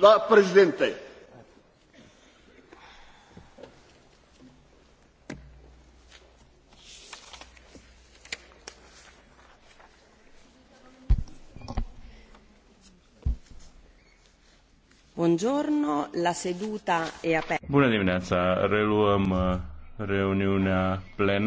Doamnă președinte. Buongiorno, la seduta aperta. Bună dimineața, reluăm uh, reuniunea plenară.